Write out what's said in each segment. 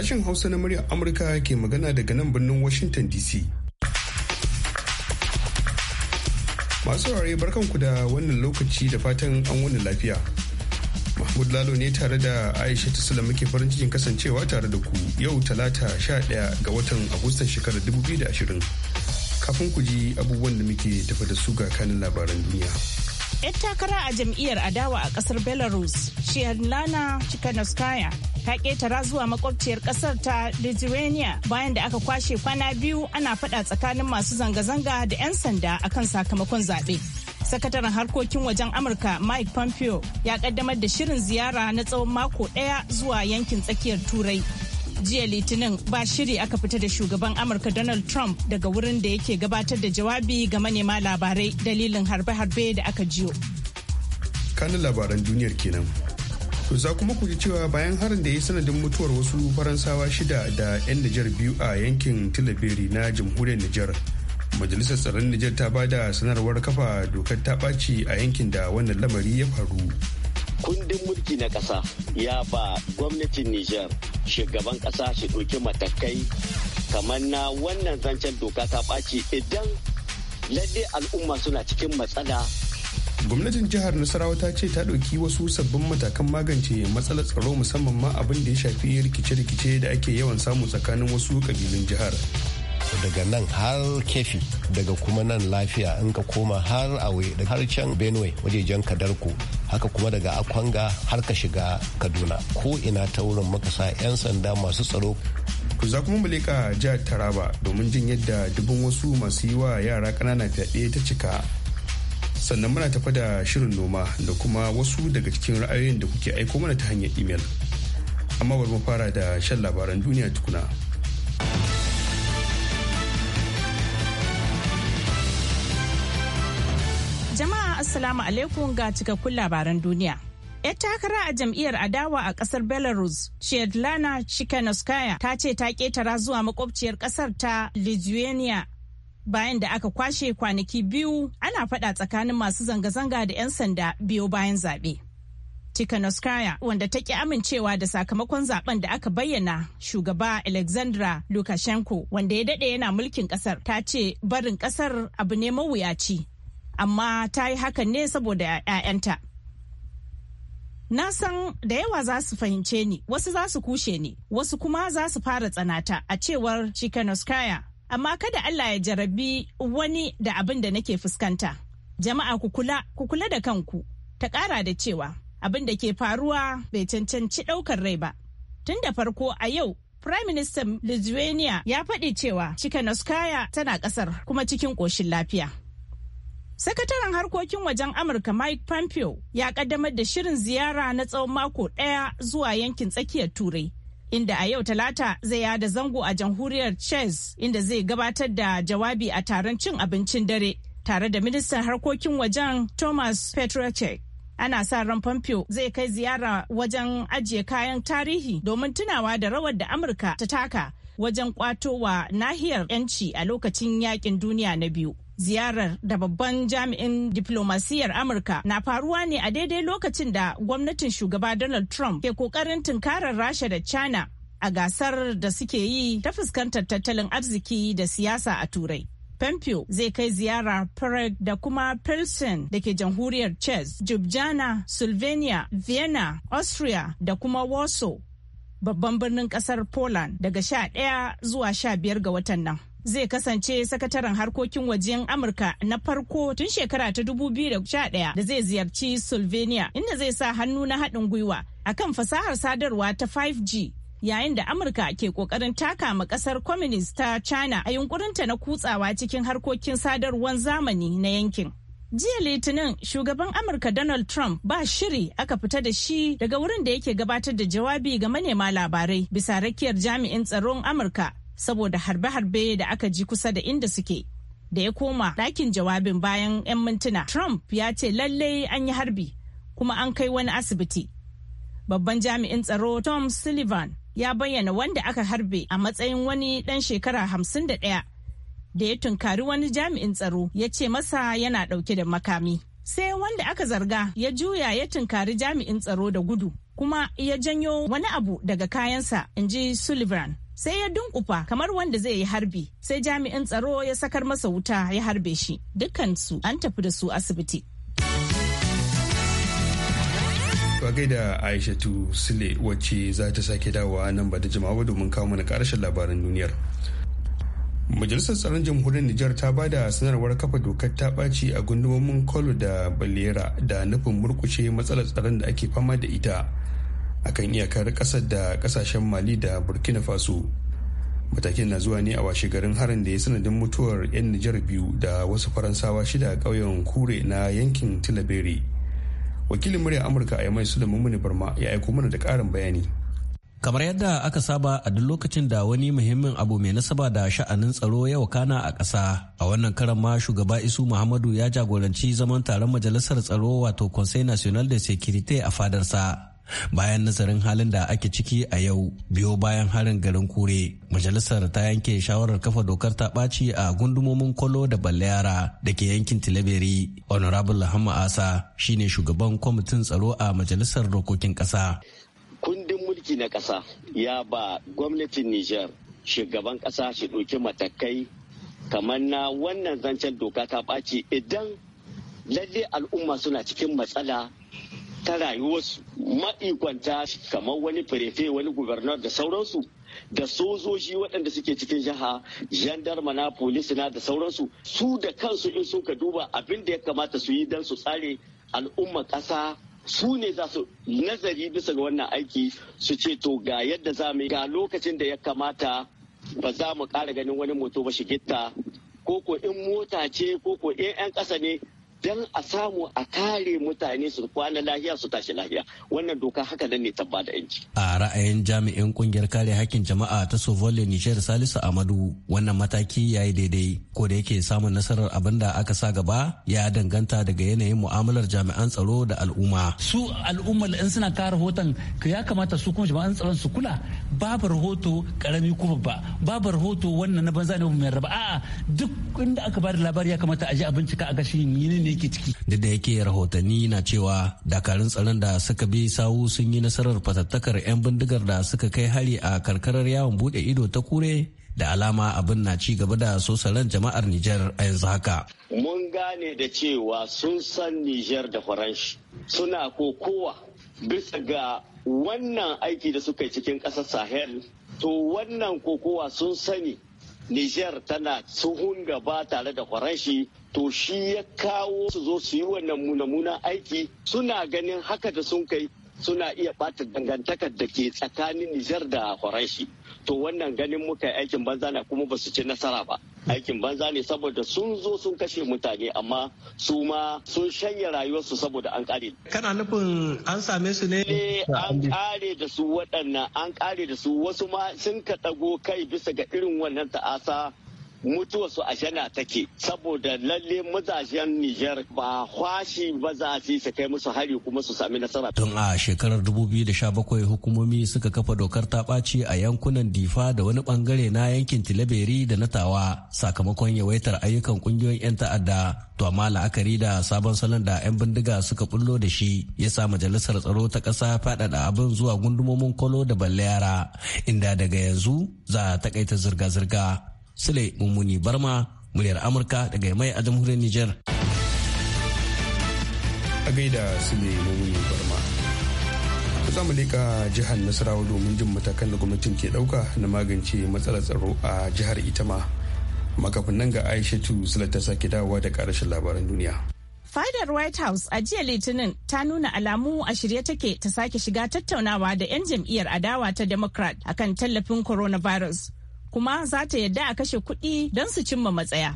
Sashen Hausa na muryar Amurka ke magana daga nan birnin Washington DC. Masu saurare barkanku da wannan lokaci da fatan an wani lafiya. Mahmud Lalo ne tare da Aisha Tisila muke farin cikin kasancewa tare da ku yau talata sha 11 ga watan Agustan shekarar 2020. Kafin ku ji abubuwan da muke tafi da su ga kanin labaran duniya. 'Yan takara a jam'iyyar adawa a kasar Belarus, Shihlana Chikanoskaya, ta ketara zuwa makwabciyar kasar ta Lithuania bayan da aka kwashe kwana biyu ana fada tsakanin masu zanga-zanga da 'yan sanda akan sakamakon zaɓe. Sakataren harkokin wajen Amurka Mike Pompeo ya ƙaddamar da shirin ziyara na tsawon mako ɗaya zuwa yankin tsakiyar Turai. jiya litinin ba shiri aka fita da shugaban amurka donald trump daga wurin da yake gabatar da jawabi ga manema labarai dalilin harbe-harbe da aka jiyo kanin labaran duniyar kenan to za kuma ku ji cewa bayan harin da ya sanadin mutuwar wasu faransawa shida da 'yan nijar biyu a yankin tilabiri na jamhuriyar nijar majalisar tsaron nijar ta bada sanarwar kafa dokar ta ɓaci a yankin da wannan lamari ya faru kundin mulki na ƙasa ya ba gwamnatin Nijar shugaban ƙasa shi ɗauki matakai kamar na wannan zancen doka ta ɓaci idan lalle al'umma suna cikin matsala. Gwamnatin jihar Nasarawa ta ce ta ɗauki wasu sabbin matakan magance matsalar tsaro musamman ma abin da ya shafi rikice-rikice da ake yawan samu tsakanin wasu ƙabilun jihar. daga nan har kefi daga kuma nan lafiya in ka koma har awe da har can benue wajejen kadarko haka kuma daga akwanga har ka shiga kaduna ko ina ta wurin makasa 'yan sanda masu tsaro ku za kuma mulika jihar taraba domin jin yadda dubin wasu masu yi wa yara kanana fyaɗe ta cika sannan muna tafa da shirin noma da kuma wasu daga cikin ra'ayoyin da kuke aiko mana ta hanyar imel amma bari mu fara da shan labaran duniya tukuna. Assalamu alaikum ga cikakkun labaran duniya. 'Yar takara a jam'iyyar adawa a kasar Belarus, Shedlana Chikanoskaya ta ce ta ketara zuwa makwabciyar kasar ta Lithuania bayan da aka kwashe kwanaki biyu ana fada tsakanin masu zanga-zanga da 'yan sanda biyo bayan zaɓe. Tikhanovskaya wanda ta ki amincewa da sakamakon zaben da aka bayyana shugaba Alexandra Lukashenko wanda ya dade yana mulkin kasar ta ce barin kasar abu ne mawuyaci amma ta yi hakan ne saboda 'ya'yanta. Na san da yawa za su fahimce ni, wasu za su kushe ni, wasu kuma za su fara tsanata a cewar Chikanoskaya. Amma kada Allah ya jarabi wani da abin da nake fuskanta. Jama'a ku kula, ku kula da kanku. Ta ƙara da cewa abin da ke faruwa bai cancanci ɗaukar rai ba. Tun da farko a yau Prime Minister Lithuania ya faɗi cewa Chikanoskaya tana ƙasar kuma cikin ƙoshin lafiya. Sakataren harkokin wajen Amurka Mike Pompeo ya kaddamar da shirin ziyara na tsawon mako ɗaya zuwa yankin tsakiyar Turai. Inda a yau talata zai yada zango a jamhuriyar Chess inda zai gabatar da jawabi a taron cin abincin dare tare da ministan harkokin wajen Thomas Petracek. Ana sa ran Pompeo zai kai ziyara wajen ajiye kayan tarihi domin tunawa da rawar da Amurka ta taka wajen kwato wa nahiyar 'yanci a lokacin yakin duniya na biyu. ziyarar da babban jami'in diplomasiyar amurka na faruwa ne a daidai lokacin da gwamnatin shugaba donald trump ke kokarin tunkarar rasha da china a gasar da suke yi ta fuskantar tattalin arziki da siyasa a turai Pompeo zai kai ziyara Prague da kuma Pilsen da ke jamhuriyar Czech, Ljubljana, Slovenia, Vienna, Austria da kuma Warsaw, babban birnin kasar Poland daga 11 zuwa 15 ga watan nan. zai kasance sakataren harkokin wajen amurka na farko tun shekara ta 2011 da zai ziyarci slovenia inda zai sa hannu na haɗin gwiwa akan fasahar sadarwa ta 5g yayin da amurka ke kokarin taka ma kasar communist ta china a yunkurinta na kutsawa cikin harkokin sadarwar zamani na yankin jiya litinin shugaban amurka donald trump ba shiri aka fita da shi daga wurin da yake gabatar da jawabi ga manema labarai bisa rakiyar jami'in tsaron amurka saboda harbe-harbe da aka ji kusa da inda suke. Da ya koma ɗakin jawabin bayan 'yan mintuna, Trump ya ce lallai an yi harbi kuma an kai wani asibiti. Babban jami'in tsaro Tom Sullivan ya bayyana wanda aka harbe a matsayin wani ɗan shekara hamsin da ɗaya da ya tunkari wani jami'in tsaro ya ce masa yana ɗauke da makami. Sai wanda aka zarga ya juya ya tunkari jami'in tsaro da gudu kuma ya janyo wani abu daga kayansa, in ji Sullivan. sai ya dunkufa kamar wanda zai yi harbi sai jami'in tsaro ya sakar masa wuta ya harbe shi dukkansu an tafi da su asibiti Bagai da Aishatu Sule wacce za ta sake dawowa nan ba da jama'a domin kawo mana karshen labaran duniyar. Majalisar Tsaron Jamhuriyar Nijar ta ba da sanarwar kafa dokar ta ɓaci a gundumomin Kolo da Balera da nufin murkushe matsalar tsaron da ake fama da ita. akan iyakar kasar da kasashen mali da burkina faso matakin na zuwa ne a washe garin harin da ya sanadin mutuwar 'yan nijar biyu da wasu faransawa shida a ƙauyen kure na yankin tilaberi wakilin murya amurka a yamai sulaiman mummuni barma ya aiko mana da ƙarin bayani kamar yadda aka saba a duk lokacin da wani muhimmin abu mai nasaba da sha'anin tsaro ya wakana a ƙasa a wannan karan ma shugaba isu muhammadu ya jagoranci zaman taron majalisar tsaro wato conseil national de securite a fadarsa bayan nazarin halin da ake ciki a yau biyo bayan harin garin kure majalisar ta yanke shawarar kafa dokar ta ɓaci a gundumomin kolo da balayara da ke yankin tileberi honorable hama asa shine shugaban kwamitin tsaro a majalisar dokokin ƙasa kundin mulki na ƙasa ya ba gwamnatin niger shugaban ƙasa shi ɗauki matakai kamar na wannan zancen doka ta ɓaci idan lalle al'umma suna cikin matsala ta rayuwarsu ma'ikwanta kamar wani firefe wani gubernar da sauransu da sojoji waɗanda suke cikin jiha jandar na polisina da sauransu su da kansu in suka duba abin da ya kamata su yi don su tsare al'umma ƙasa su ne za su nazari bisa ga wannan aiki su ce to ga yadda za mu ga lokacin da ya kamata ba za mu ƙara ganin wani moto ba shigitta ko ko in mota ce ko ko in 'yan ƙasa ne don a samu a kare mutane su kwana lahiya su tashi lahiya wannan doka haka nan ne tabba da yanci. a ra'ayin jami'in kungiyar kare hakkin jama'a ta sovolle nijar salisu amadu wannan mataki ya yi daidai ko da yake samun nasarar abin da aka sa gaba ya danganta daga yanayin mu'amalar jami'an tsaro da al'umma. su al'ummar in suna kare rahoton ya kamata su kuma jama'an tsaron su kula babu rahoto karami kuma ba babu rahoto wannan na banza ne mai raba a'a duk inda aka ba da labari ya kamata a ji a bincika a gashi ne da yake ciki da yake rahotanni na cewa dakarun tsaron da suka bi sawu sun yi nasarar fatattakar 'yan bindigar da suka kai hari a karkarar yawon bude ido ta kure da alama abin na ci gaba da sosalan jama'ar Nijar a yanzu haka. Mun gane da cewa sun san Nijar da Faranshi suna kokowa bisa ga wannan aiki da suka yi cikin ƙasar Sahel. To wannan kokowa sun sani Nijar tana tsohon gaba tare da Faranshi to shi ya kawo su zo su yi wannan munamunan aiki suna ganin haka da sun kai suna iya bata dangantakar da ke tsakanin Nijar da Horanshi. To wannan ganin muka yi aikin banza na kuma ba su ci nasara ba. Aikin banza ne saboda sun zo sun kashe mutane amma su ma sun shanya rayuwarsu saboda an kare. Kana nufin an same su ne? Eh, an kare da su waɗannan an kare da su wasu ma sun ka ɗago kai bisa ga irin wannan ta'asa mutuwarsu a shana take saboda lalle mazajen Nijar ba kwashi ba za su su kai musu hari kuma su sami nasara. Tun a shekarar 2017 hukumomi suka kafa dokar ta ɓaci a yankunan Difa da wani bangare na yankin Tilaberi da na Tawa sakamakon yawaitar ayyukan kungiyoyin 'yan ta'adda. To amma la'akari da sabon salon da 'yan bindiga suka bullo da shi ya sa majalisar tsaro ta ƙasa faɗaɗa abin zuwa gundumomin kolo da balle yara inda daga yanzu za a takaita zirga-zirga Sule Mummuni Barma, muryar Amurka daga mai a jamhuriyar Nijar. A gaida Sule Mummuni Barma. Za mu leƙa jihar Nasarawa domin jin matakan da gwamnatin ke ɗauka na magance matsalar tsaro a jihar Itama. Makafin nan ga Aishatu Sule ta sake dawowa da ƙarashin labaran duniya. Fadar White House a jiya Litinin ta nuna alamu a shirye take ta sake shiga tattaunawa da 'yan jam'iyyar adawa ta Democrat akan tallafin coronavirus. kuma za ta yadda a kashe kuɗi don su cimma matsaya.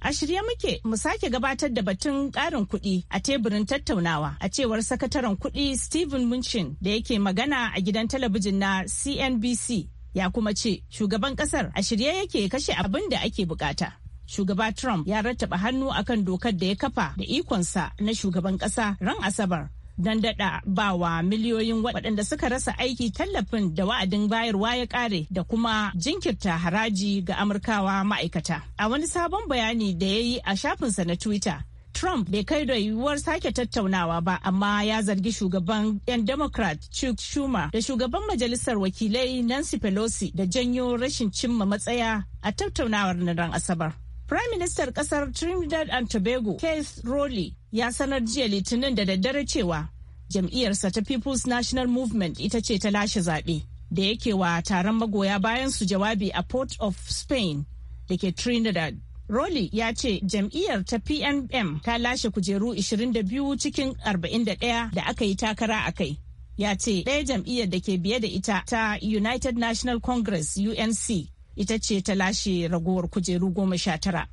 A shirye muke mu sake gabatar da batun ƙarin kuɗi a teburin tattaunawa a cewar sakataren kuɗi Stephen Munchin da yake magana a gidan talabijin na CNBC ya kuma ce shugaban ƙasar a shirye yake kashe abin da ake bukata. Shugaba Trump ya rattaba hannu akan dokar da ya kafa da ikonsa na shugaban ƙasa ran Asabar don daɗa bawa miliyoyin waɗanda suka rasa aiki tallafin da wa'adin bayarwa ya kare da kuma jinkirta haraji ga Amurkawa ma'aikata. A wani sabon bayani da ya yi a shafinsa na Twitter, Trump bai kai da yiwuwar sake tattaunawa ba amma ya zargi shugaban 'yan Democrat Chuck Schumer da shugaban majalisar wakilai Nancy Pelosi da janyo rashin cimma matsaya a tattaunawar na ran Asabar. Prime Minister kasar Trinidad and Tobago Keith Rowley ya sanar jiya litinin da daddare cewa jam'iyyarsa ta people's national movement ita ce ta lashe zaɓe da yake wa taron magoya bayan su jawabi a port of spain da ke trinidad Rowley ya ce jam'iyyar ta PNM ta lashe kujeru 22 cikin 41 da aka yi takara a kai. Ya ce ɗaya jam'iyyar da ke biye da ita ta United National Congress UNC ita ce ta lashe ragowar kujeru 19.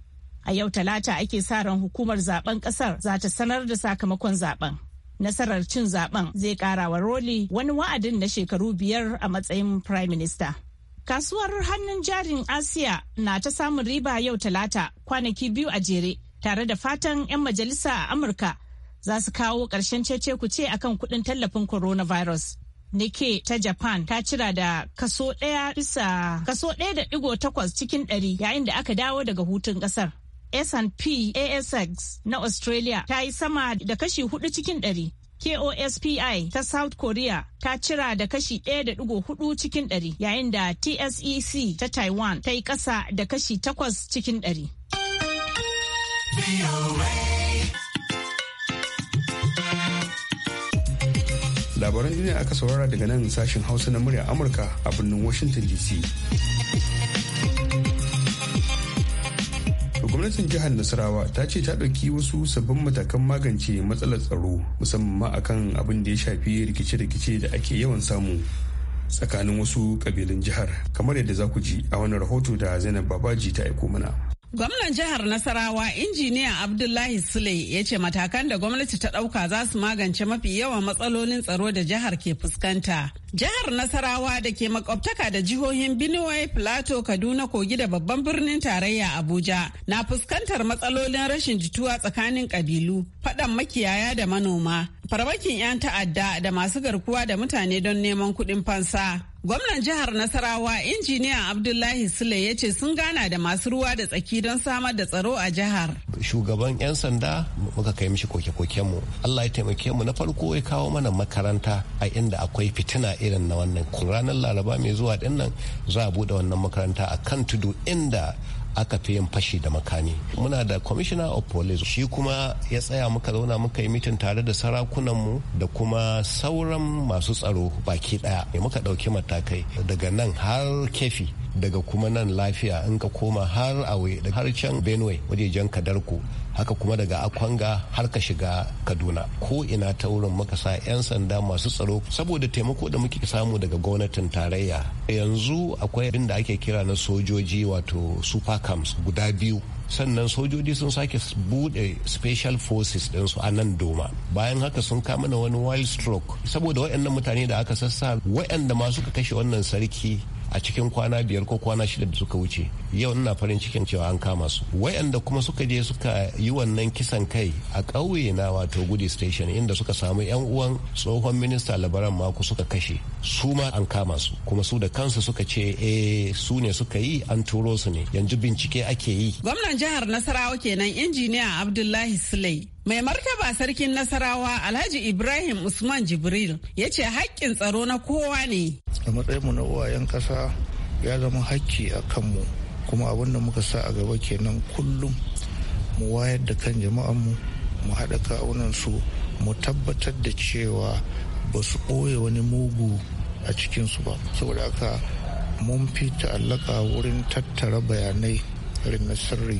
A yau talata ake sa ran hukumar zaben kasar za ta sanar da sakamakon zaben. Nasarar cin zaben zai kara wa Roli wani wa'adin na shekaru biyar a matsayin Prime Minister. Kasuwar hannun jarin Asiya na ta samun riba yau talata kwanaki biyu a jere tare da fatan 'yan majalisa a Amurka za su kawo ƙarshen cece kuce akan kuɗin tallafin coronavirus. Nike ta Japan ta cira da kaso ɗaya kaso ɗaya da ɗigo takwas cikin ɗari yayin da aka dawo daga hutun ƙasar. S&P ASX na Australia ta yi sama da kashi hudu cikin ɗari. KOSPI ta South Korea ta cira da kashi 1.4 cikin ɗari yayin da TSEC ta Taiwan ta yi ƙasa da kashi 8 cikin ɗari. Labaran duniya aka saurara daga nan sashen Hausa na murya Amurka a birnin Washington DC. gwamnatin jihar nasarawa ta ce ta ɗauki wasu sabbin matakan magance matsalar tsaro musamman ma akan abin da ya shafi rikice-rikice da ake yawan samu tsakanin wasu kabilun jihar kamar yadda za ku ji a wani rahoto da zainab babaji ta aiko mana Gwamnan jihar Nasarawa injiniya Abdullahi Sule ya ce matakan da gwamnati ta ɗauka za su magance mafi yawan matsalolin tsaro da jihar ke fuskanta. Jihar Nasarawa da ke makwabtaka da jihohin Benue, Plateau, Kaduna, Kogi da babban birnin tarayya Abuja na fuskantar matsalolin rashin jituwa tsakanin kabilu, faɗan makiyaya da manoma, farmakin 'yan ta'adda da masu garkuwa da mutane don neman kuɗin fansa. Gwamnan jihar Nasarawa, injiniya Abdullahi Sule ya ce sun gana da masu ruwa da tsaki don samar da tsaro a jihar. Shugaban 'yan sanda muka kai mishi koke mu Allah ya taimake mu na farko ya kawo mana makaranta a inda akwai fitina irin na wannan ranar laraba mai zuwa dinnan za a bude wannan makaranta a kan tudu inda aka fi yin fashi da makami muna da commissioner of police shi kuma ya tsaya muka zauna muka yi mitin tare da sarakunanmu da kuma sauran masu tsaro baki daya muka ɗauki matakai daga nan har kefi daga kuma nan lafiya in ka koma har awe har can benue waje jan kadarku haka kuma daga akwanga har ka shiga kaduna ko ina ta wurin muka sa 'yan sanda masu tsaro saboda taimako da muke samu daga gwamnatin tarayya yanzu akwai abin da ake kira na sojoji wato super camps guda biyu sannan sojoji sun sake bude special forces ɗinsu a nan doma bayan haka sun kama na wani wild stroke saboda waɗannan mutane da aka sassa waɗanda ma suka kashe wannan sarki a cikin kwana biyar ko kwana shida da suka wuce yau ina farin cikin cewa an kama su wayanda kuma suka je suka yi wannan kisan kai a ƙauye na wato gudi station inda suka samu yan uwan tsohon minista labaran mako suka kashe su ma an kama su kuma su da kansu suka ce e su ne suka yi an turo su ne yanzu bincike ake yi gwamnan jihar nasarawa kenan injiniya abdullahi sulai Mai martaba sarkin Nasarawa Alhaji Ibrahim Usman Jibril ya ce haƙƙin tsaro na kowa ne. A mu na uwayen ƙasa ya zama haƙƙi a kanmu kuma abin da muka sa a gaba kenan kullum mu wayar da kan jama'anmu mu haɗa kawunan su mu tabbatar da cewa ba su ɓoye wani mugu a cikin su ba saboda haka mun fi ta'allaka wurin tattara bayanai irin na sirri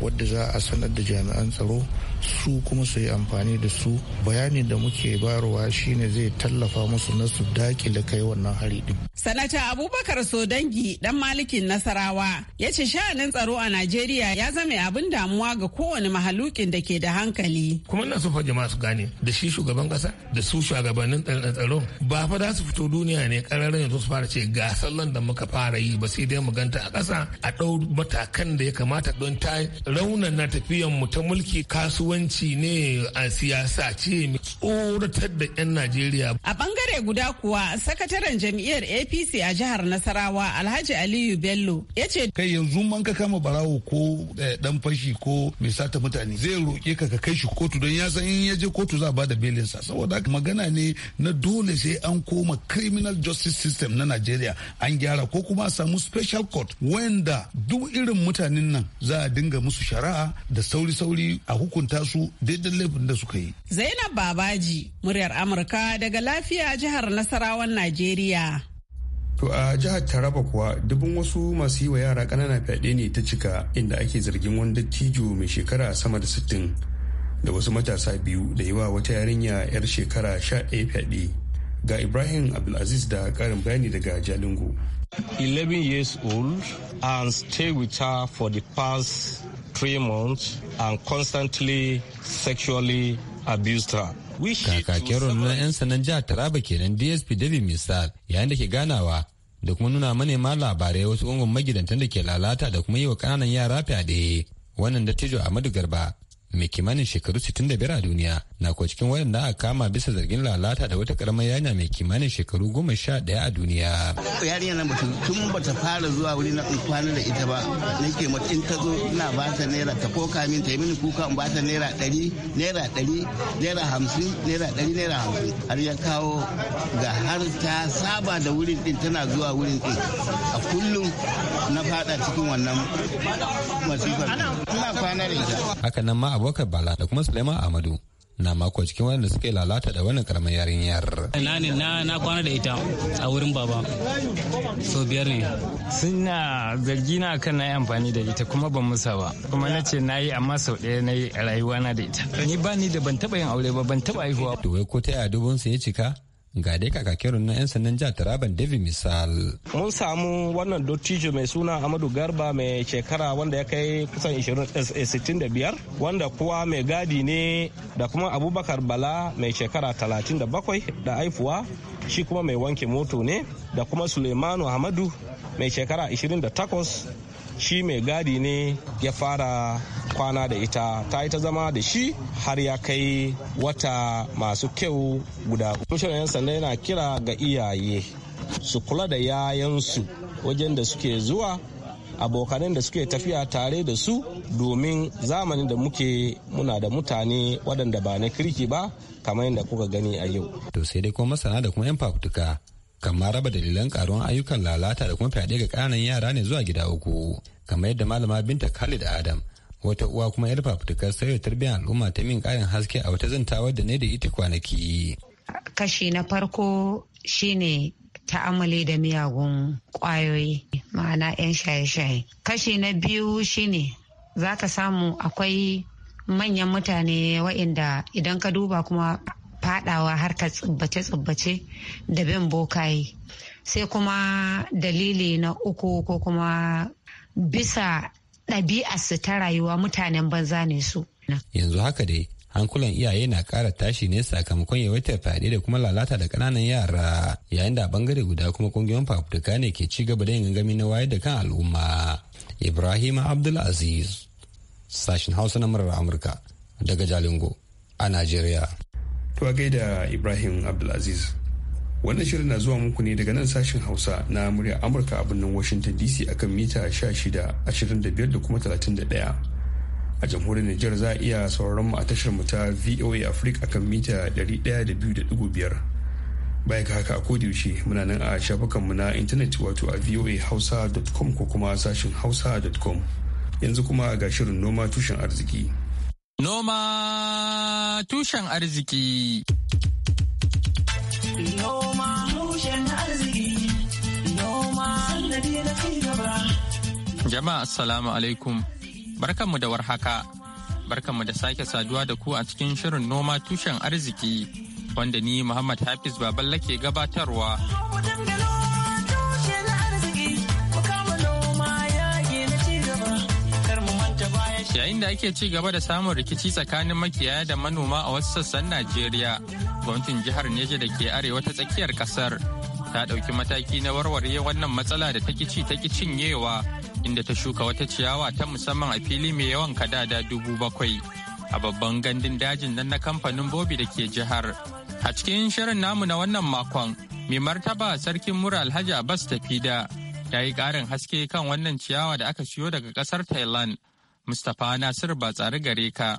wadda za a sanar da jami'an tsaro su kuma su yi amfani da su bayanin da muke barowa shine zai tallafa musu na su dakile kai wannan hari din. Sanata Abubakar Sodangi dan malikin Nasarawa ya ce sha'anin tsaro a Najeriya ya zama abin damuwa ga kowane mahalukin da ke da hankali. Kuma ina so fa jama'a su gane da shi shugaban kasa da su shugabannin tsaro ba fa za su fito duniya ne kararren yanzu su fara ce ga sallan da muka fara yi ba sai dai mu ganta a kasa a dau matakan da ya kamata don ta raunana tafiyan mu ta mulki kasuwa kasuwanci ne a siyasa ce mai tsoratar da 'yan Najeriya. A bangare guda kuwa sakataren jam'iyyar APC a jihar Nasarawa Alhaji Aliyu Bello ya ce. Kai yanzu man ka kama barawo ko dan eh, fashi ko mai sata mutane zai roƙe ka ka kai shi kotu don ya san in ya je kotu za a bada sa saboda magana ne na dole sai an koma criminal justice system na Najeriya an gyara ko kuma a samu special court wanda duk irin mutanen nan za a dinga musu shari'a da sauri-sauri a hukunta su daidai laifin da suka yi. Zainab Babaji, muryar Amurka daga lafiya jihar Nasarawan Najeriya. To a jihar Taraba kuwa dubin wasu masu yi wa yara ƙanana fyaɗe ne ta cika inda ake zargin wani dattijo mai shekara sama da sittin da wasu matasa biyu da yiwa wata yarinya 'yar shekara sha ɗaya fyaɗe. Ga Ibrahim Abdulaziz da ƙarin bayani daga Jalingo. 11 years old and stay with her for the past three months and constantly sexually abused her. Kakakin rundunar 'yan sanan jihar Taraba kenan DSP David Misal yayin da ke ganawa da kuma nuna manema labarai wasu ungun magidantan da ke lalata da kuma yi wa kananan yara fyaɗe. Wannan dattijo Ahmadu Garba mai kimanin shekaru 65 a duniya na ko cikin waɗanda aka kama bisa zargin lalata da wata karamar yanya mai kimanin shekaru goma sha ɗaya a duniya. yarinya na mutum tun ba ta fara zuwa wuri na kwana da ita ba na ke in ta zo ina ba ta naira ta koka min ta yi mini kuka in ba ta naira ɗari naira ɗari naira hamsin naira ɗari naira hamsin har ya kawo ga har ta saba da wurin ɗin tana zuwa wurin ɗin a kullum na fada cikin wannan masifar ina kwana da ita. haka nan ma abokan bala da kuma suleiman amadu na mako cikin wanda suke lalata da wannan karamar yarinyar. Na ne na kwana da ita a wurin baba. So biyar ne. Suna zargi na kan na yi amfani da ita kuma ban musa ba. Kuma na ce na yi amma sau ɗaya na yi rayuwa na da ita. Ni ba ni da ban taɓa yin aure ba ban taɓa haihuwa. To wai ko ta yaya dubun su ya cika? ga dai kakakin na 'yan sandan jihar taraban david misal mun samu wannan dottijo mai suna amadu garba mai shekara wanda ya kai kusan 65 eh, eh, wanda kuwa mai gadi ne da kuma abubakar bala mai shekara 37 da haifuwa shi kuma mai wanke moto ne da kuma suleimanu hamadu mai shekara 28 shi mai gadi ne ya fara kwana da ita ta yi ta zama da shi har ya kai wata masu kyau guda kwamishinan 'yan sanda yana kira ga iyaye su kula da yayansu wajen da suke zuwa abokanin da suke tafiya tare da su domin zamanin da muke muna da mutane waɗanda ba na kirki ba kamar yadda kuka gani a yau. To sai dai kuma masana da kuma 'yan fafutuka kamar raba dalilan karuwan ayyukan lalata da kuma fyaɗe ga ƙananan yara ne zuwa gida uku kamar yadda malama binta khalid adam wata uwa kuma yar fafutukar sauya tarbiyyar al'umma ta min ƙarin haske a wata zantawar da ne da ita kwanaki. kashi na farko shine ta'amali da miyagun kwayoyi ma'ana 'yan shaye-shaye kashi na biyu shine zaka samu akwai manyan mutane wa'inda idan ka duba kuma haɗawa harkar tsubbace-tsubbace da bin bokaye sai kuma dalili na uku ko kuma bisa ɗabi'arsu ta rayuwa mutanen banza ne su yanzu haka dai hankulan iyaye na ƙara tashi ne sakamakon yawaitar fyaɗe da kuma lalata da ƙananan yara yayin da bangare guda kuma ƙungiyoyin fafutuka ne ke ci gaba da yin gangami na wayar da kan al'umma ibrahim abdulaziz sashen hausa na murar amurka daga jalingo a najeriya To a gaida Ibrahim Abdulaziz. Wannan shirin na zuwa muku ne daga nan sashen Hausa na muryar Amurka a birnin Washington DC akan mita 16, da kuma 31. A jamhuriyar Nijar za a iya sauraron mu a tashar mu ta VOA Africa akan mita 102.5. Baya ga haka a yaushe muna nan a shafukan mu na intanet wato a voahausa.com ko kuma sashen hausa.com. Yanzu kuma ga shirin noma tushen arziki. Noma tushen arziki. Noma tushen arziki. Noma sannadi na gaba. Jama'a assalamu alaikum. Barkanmu da warhaka. Barkanmu da sake saduwa da ku a cikin shirin noma tushen arziki wanda ni Muhammad Hafiz Baballa ke gabatarwa. yayin da ake ci gaba da samun rikici tsakanin makiyaya da manoma a wasu sassan najeriya gwamnatin jihar neja da ke arewa ta tsakiyar kasar ta ɗauki mataki na warware wannan matsala da ta kici ta cinyewa inda ta shuka wata ciyawa ta musamman a fili mai yawan kadada dubu bakwai a babban gandun dajin nan na kamfanin bobi da ke jihar a cikin shirin namu na wannan makon mai martaba sarkin mura alhaji abbas tafida ya yi ƙarin haske kan wannan ciyawa da aka siyo daga ƙasar thailand Mustapha Nasir ba tsari gare ka.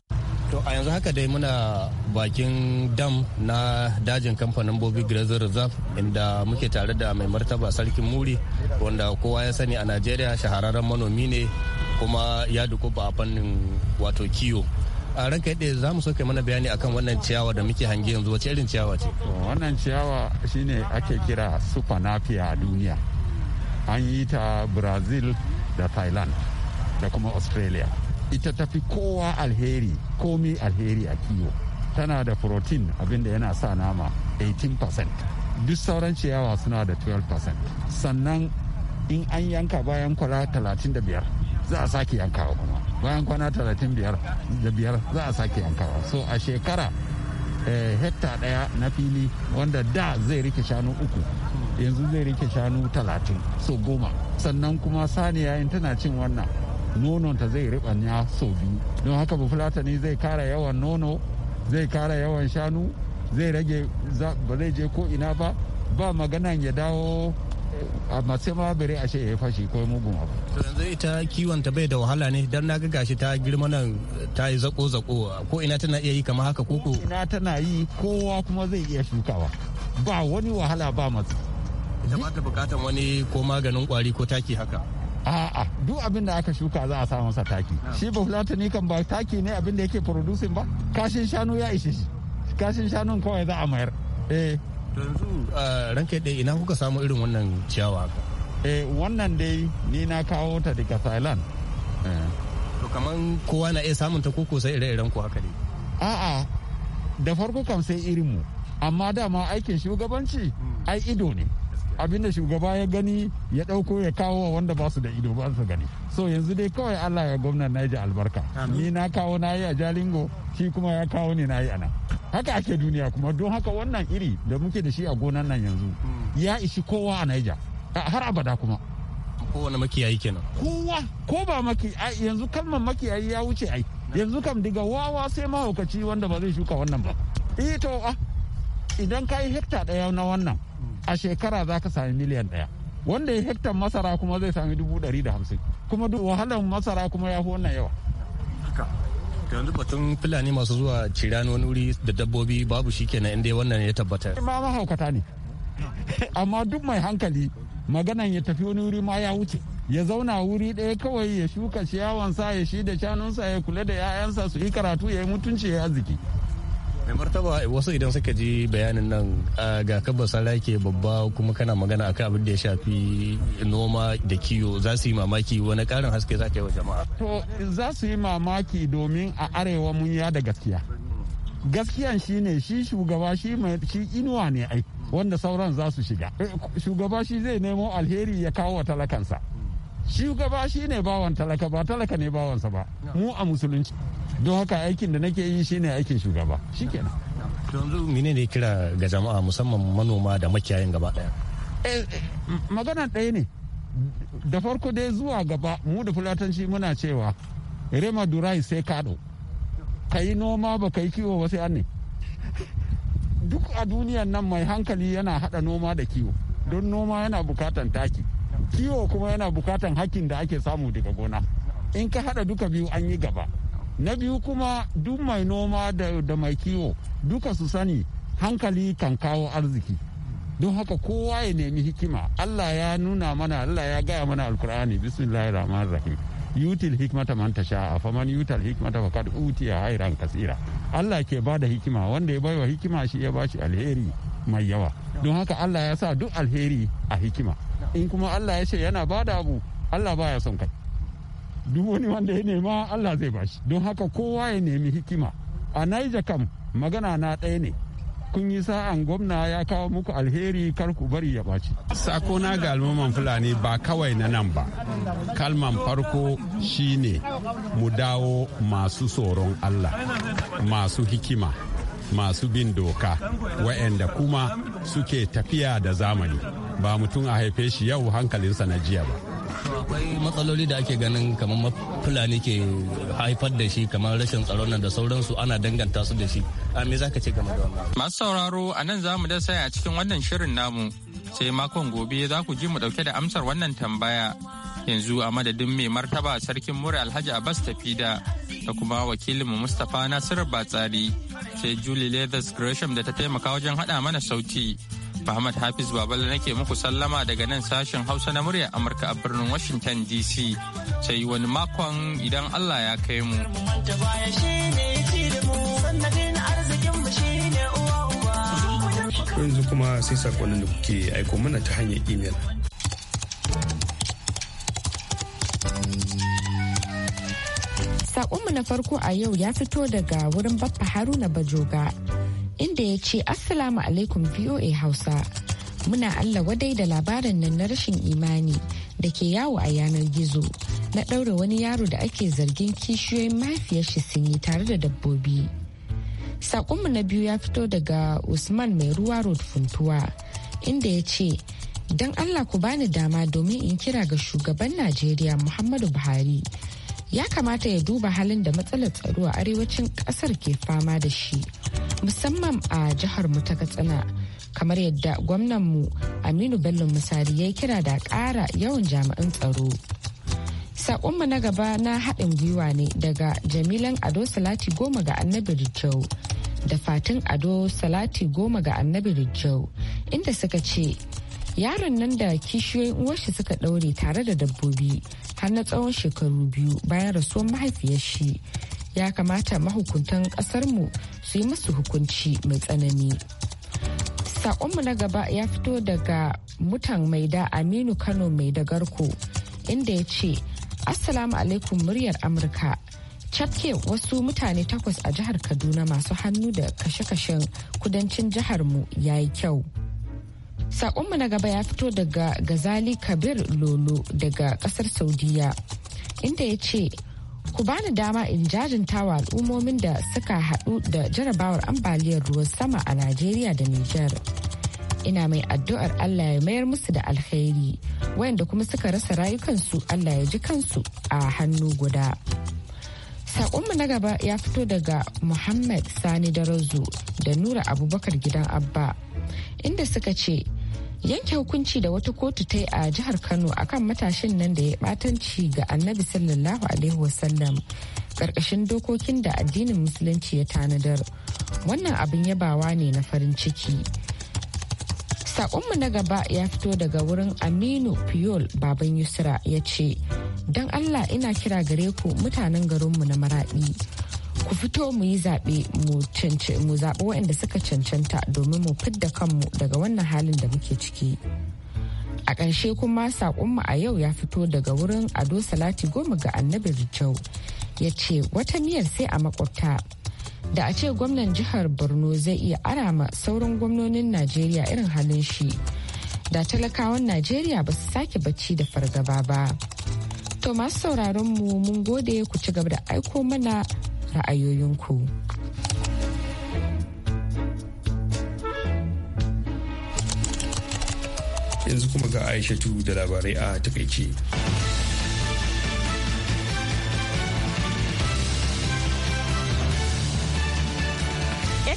To a yanzu haka dai muna bakin dam na dajin kamfanin Bobi Grazer Reserve inda muke tare da mai martaba sarkin muri wanda kowa ya sani a Najeriya shahararren manomi ne kuma ya dukuba a fannin wato kiwo. a ranka yadda za mu soke mana bayani akan wannan ciyawa da muke hange yanzu wace irin ciyawa ce wannan ciyawa shine ake kira supernapia a duniya an yi ta brazil da thailand da kuma australia ita tafi kowa alheri komi alheri a kiwo tana da protein abinda yana sa nama 18% duk sauran ciyawa suna da 12% sannan in an yanka bayan kwana 35 za a sake yankawa kuma bayan kwana 35 za a sake yankawa so a shekara eh, hekta daya na fili wanda da zai rike shanu uku yanzu zai rike shanu talatin so goma sannan kuma saniya in tana cin wannan nononta zai ribanya sau biyu don haka ne zai kara yawan nono zai kara yawan shanu zai rage ba zai je ko ina ba ba maganan ya dawo eh, a masu ma bere a ya fashi ko mugun abu. ba. yanzu ita kiwon ta bai da wahala ne don na ga gashi ta girma nan ta yi zako zako ko ina tana iya yi kamar haka koko. ina tana yi kowa kuma zai iya shukawa ba wani wahala ba masu. ita ba ta bukatan wani ko maganin kwari ko taki haka. a'a duk abin da aka shuka za a sa masa taki shi ba fulatani kan ba taki ne abin da yake producing ba kashin shanu ya ishe shi kashin shanun kawai za a mayar eh yanzu ranke dai ina kuka samu irin wannan ciyawa eh wannan dai ni na kawo ta daga thailand eh. to kaman kowa na iya samun ta koko sai ire-iren ku haka ne a'a da farko kam sai irin mu amma dama aikin shugabanci hmm. ai ido ne Abin da shugaba ya gani ya dauko ya kawo wa wanda ba su da ido ba su gani so yanzu dai kawai allah ya gwamnan ji albarka ni na kawo na yi a jalingo shi kuma ya kawo ni na yi a nan haka ake duniya kuma don haka wannan iri da muke da shi a gonan nan yanzu hmm. ya ishi kowa a naija har abada kuma kowane makiyayi kenan kowa ko ba makiyayi yanzu kalmar makiyayi ya wuce ai yanzu kam diga wawa sai mahaukaci wanda ba zai shuka wannan ba ito eh a ah, idan ka yi hekta daya na wannan a shekara za ka sami miliyan ɗaya wanda ya hektar masara kuma zai sami dubu ɗari da hamsin kuma wahalar masara kuma ya fi yawa yanzu batun fulani masu zuwa cirani wani wuri da dabbobi babu shi kenan inda wannan ya tabbata ma mahaukata ne amma duk mai hankali maganan ya tafi wani wuri ma ya wuce ya zauna wuri ɗaya kawai ya shuka ciyawansa ya shi da shanunsa ya kula da 'ya'yansa su yi karatu ya yi mutunci ya arziki mai martaba wasu idan suka ji bayanin nan ga sarai ke babba kuma kana magana akan abin da ya shafi noma da kiwo za su yi mamaki wani karin haske za ka yi wa jama'a to za su yi mamaki domin a arewa mun ya da gaskiya gaskiyan shi ne shi shugaba shi inuwa ne ai wanda sauran za su shiga eh, shugaba shi zai nemo alheri ya kawo wa talakansa shugaba shine bawan talaka ba talaka ne bawansa ba mu a musulunci don haka aikin da nake yi shine aikin shugaba shi shikenan yanzu mine ne kira ga jama'a musamman manoma da makiyayin gaba daya eh, magana ɗaya ne da farko dai zuwa gaba mu da fulatanci muna cewa rema durai sai kado ka yi noma ba ka yi kiwo ba sai an ne duk a duniyan nan mai hankali yana hada noma da kiwo don noma yana bukatan taki kiwo kuma yana bukatan hakkin da ake samu daga gona in ka hada duka biyu an yi gaba na biyu kuma duk mai noma da mai kiwo duka su sani hankali kan kawo arziki don haka kowa ya nemi hikima allah ya nuna mana allah ya gaya mana alkur'ani bismillahir rahman rahim yutil hikmata man tasha fa man yutil hikmata kad utiya hairan kasira Allah ke bada hikima wanda ya baiwa hikima shi ya bashi alheri mai yawa don haka Allah ya sa duk alheri a hikima in kuma Allah ya ce yana ba da abu Allah baya son kai duk wani wanda ya nema Allah zai bashi don haka kowa ya nemi hikima a Naija kam magana na ɗaya ne kun yi sa'an gwamna ya kawo muku alheri kar ku bari ya sako na ga al'umman Fulani ba kawai na nan ba. Kalman farko shine mu dawo masu tsoron Allah, masu hikima, masu bin doka, wa'anda kuma suke tafiya da zamani. ba mutum a haife shi yau hankalinsa na jiya ba akwai matsaloli da ake ganin kamar fulani ke haifar da shi kamar rashin tsaron nan da sauransu ana danganta su da shi a me zaka ce game da wannan masu sauraro a nan za mu dasa a cikin wannan shirin namu sai makon gobe za ku ji mu dauke da amsar wannan tambaya yanzu a madadin mai martaba sarkin mura alhaji abbas tafida da kuma wakilin mu mustapha nasiru batsari sai julie leathers gresham da ta taimaka wajen hada mana sauti Muhammad Hafiz Babala nake muku sallama daga nan sashen Hausa na muryar Amurka a birnin Washington DC. Sai wani makon idan Allah ya kai mu. Yanzu kuma sai sakonnin da kuke aiko mana ta hanyar imel. saƙonmu na farko a yau ya fito daga wurin Baffa Haruna Bajoga. wanda ya ce Assalamu alaikum VOA Hausa. Muna Allah wadai da labarin nan na rashin imani da ke yawo a yanar gizo na ɗaure wani yaro da ake zargin kishiyoyin mahaifiyar shi sun yi tare da dabbobi. Saƙonmu na biyu ya fito daga Usman mai ruwa road funtuwa inda ya ce don Allah ku bani dama domin in kira ga shugaban Najeriya Muhammadu Buhari. Ya kamata ya duba halin da matsalar tsaro a arewacin ƙasar ke fama da shi. musamman a jihar mu ta katsina kamar yadda gwamnan mu aminu bello misali ya kira da ƙara yawan jami'an tsaro saƙonmu na gaba na haɗin gwiwa ne daga jamilan ado salati goma ga annabi rikyau da fatin ado salati goma ga annabi rikyau inda suka ce yaron nan da kishiyoyin uwarshi suka ɗaure tare da dabbobi har na tsawon shekaru biyu bayan rasuwar mahaifiyar shi ya kamata mahukuntan ƙasarmu su yi musu hukunci mai tsanani. Saƙonmu na gaba ya fito daga mutan maida Aminu Kano mai da garko inda ya ce, Assalamu alaikum muryar Amurka. cafke wasu mutane takwas a jihar kaduna masu hannu da kashe-kashen kudancin jiharmu ya yi kyau saƙonmu na gaba ya fito daga gazali kabir lolo daga ƙasar saudiya inda ya ce ku bani dama in jajinta wa al'ummomin da suka haɗu da jarabawar ambaliyar ruwan sama a Najeriya da Nijar. Ina mai addu'ar Allah ya mayar musu da alkhairi, wayanda kuma suka rasa rayukansu Allah ya ji kansu a hannu guda. Saƙonmu na gaba ya fito daga Muhammad Sani Darazu da Nura Abubakar gidan Abba, inda suka ce, yanke hukunci da wata kotu ta yi a jihar kano akan matashin nan da ya batanci ga annabi sallallahu alaihi wasallam karkashin dokokin da addinin musulunci ya tanadar wannan abin yabawa ne na farin ciki Sakonmu na gaba ya fito daga wurin Aminu Piyol Baban Yusra ya ce, Don Allah ina kira gare ku mutanen garinmu na maraɗi. ku fito mu yi zaɓe mu zaɓi waɗanda suka cancanta domin mu fidda kanmu daga wannan halin da muke ciki a ƙarshe kuma saƙonmu a yau ya fito daga wurin ado salati goma ga annabi rijau ya ce wata miyar sai a makwabta da a ce gwamnan jihar borno zai iya arama sauran gwamnonin najeriya irin halin shi da talakawan najeriya ba su sake bacci da fargaba ba to masu sauraron mu mun gode ku ci gaba da aiko mana ra'ayoyinku. Yanzu kuma ga aisha Aishatu da labarai a takaice.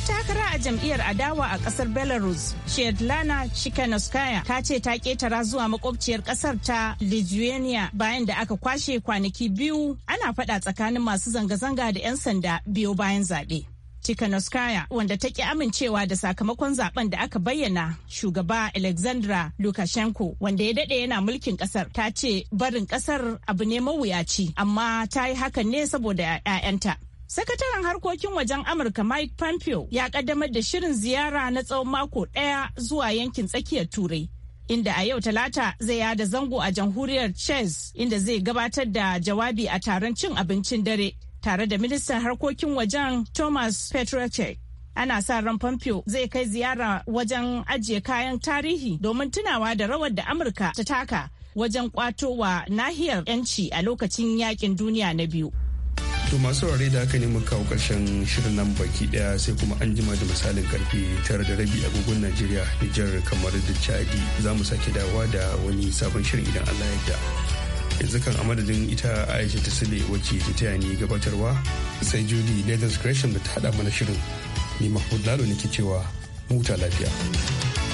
takara a jam'iyyar adawa a kasar belarus shedlana chikanoskaya ta ce ta ƙetara zuwa makwabciyar ƙasar ta lithuania bayan da aka kwashe kwanaki biyu ana faɗa tsakanin masu zanga-zanga da 'yan sanda biyo bayan zaɓe. Tikhanovskaya wanda ta ki amincewa da sakamakon zaben da aka bayyana shugaba Alexandra Lukashenko wanda ya daɗe yana mulkin ƙasar ta ce barin ƙasar abu ne mawuyaci amma ta yi hakan ne saboda 'ya'yanta. Sakataren harkokin wajen Amurka Mike Pompeo ya ƙaddamar da shirin ziyara na tsawon mako ɗaya zuwa yankin tsakiyar Turai inda a yau talata zai yada zango a jamhuriyar Chess inda zai gabatar da jawabi a taron cin abincin dare tare da ministan harkokin wajen Thomas Petrocek. Ana sa ran Pompeo zai kai ziyara wajen ajiye kayan tarihi domin tunawa da rawar da Amurka ta taka wajen kwato wa nahiyar 'yanci a lokacin yakin duniya na biyu. To masu saurare da haka ne mu kawo karshen shirin nan baki daya sai kuma an jima da misalin karfi tare da rabi agogon Najeriya Nijar kamar da Chadi za mu sake dawa da wani sabon shirin idan Allah ya yarda. Yanzu kan a ita Aisha ta sile wacce ta taya ni gabatarwa sai Judy Leathers Gresham da ta haɗa mana shirin. Ni Mahmud Lalo nake cewa huta lafiya.